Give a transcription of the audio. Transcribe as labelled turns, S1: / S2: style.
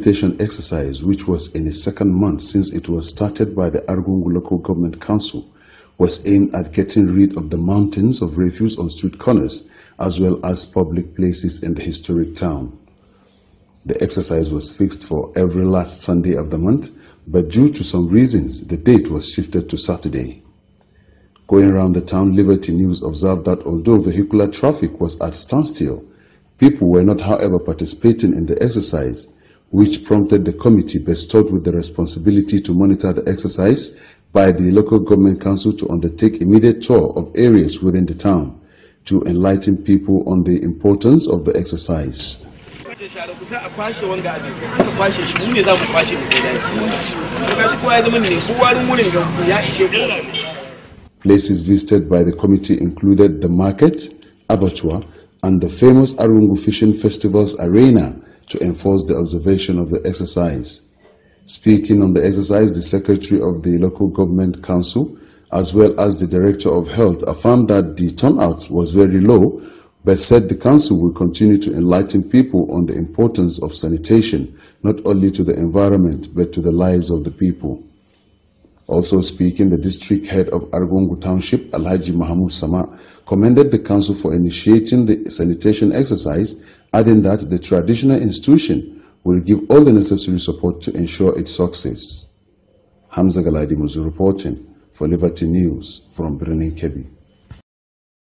S1: meditation exercise, which was in its second month since it was started by the Argungu Local Government Council, was aimed at getting rid of the mountains of refuse on street corners as well as public places in the historic town. The exercise was fixed for every last Sunday of the month, but due to some reasons, the date was shifted to Saturday. Going around the town, Liberty News observed that although vehicular traffic was at standstill, people were not, however, participating in the exercise which prompted the committee bestowed with the responsibility to monitor the exercise by the local government council to undertake immediate tour of areas within the town to enlighten people on the importance of the exercise. Places visited by the committee included the market, abattoir, and the famous Arungu Fishing Festival's arena to enforce the observation of the exercise. Speaking on the exercise, the Secretary of the Local Government Council, as well as the Director of Health, affirmed that the turnout was very low, but said the Council will continue to enlighten people on the importance of sanitation, not only to the environment, but to the lives of the people. Also speaking, the district head of Argungu Township, Alhaji Muhammad Sama, commended the council for initiating the sanitation exercise adding that the traditional institution will give all the necessary support to ensure its success. Hamza Galadi Muzu reporting for Liberty News from Birnin Kebi.